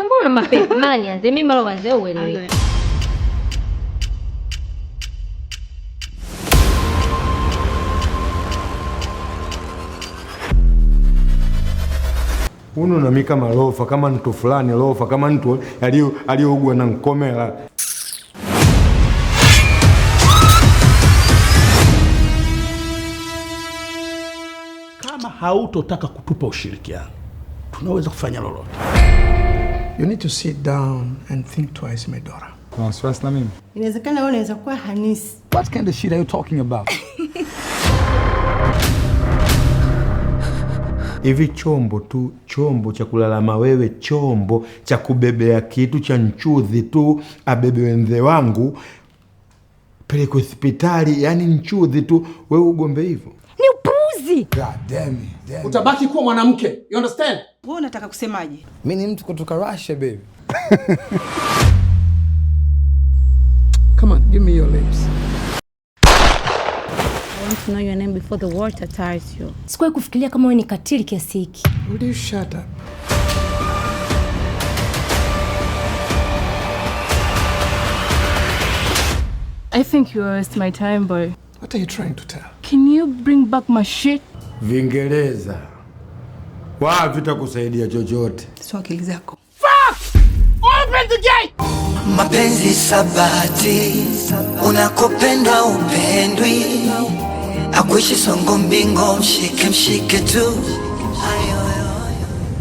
unu mapema? Mara nianze mimi mara uelewe. kama lofa kama mtu fulani lofa kama mtu aliougwa na nkomela. Kama hautotaka kutupa ushirikiano, tunaweza kufanya lolote. You need to sit down and think twice, my daughter. What kind of shit are you talking about? Hivi chombo tu, chombo cha kulalama wewe, chombo cha kubebea kitu cha nchudhi tu, abebe wenze wangu peleke hospitali, yani nchudhi tu, wewe ugombe hivyo? kazi. God damn it, damn it. Utabaki kuwa mwanamke. You understand? Wewe unataka kusemaje? Mimi ni mtu kutoka Russia baby. Come on, give me your lips. I want Sikuwahi kufikiria kama wewe ni katili kiasi hiki. Would you shut up? I think you waste my time, boy. What are you trying to tell? Can you bring back my shit? Vingereza wa vitakusaidia chochote, sio akili zako. Fuck! Open the gate! Mapenzi sabati, unakopenda upendwi, akuishi songo mbingo, mshike mshike tu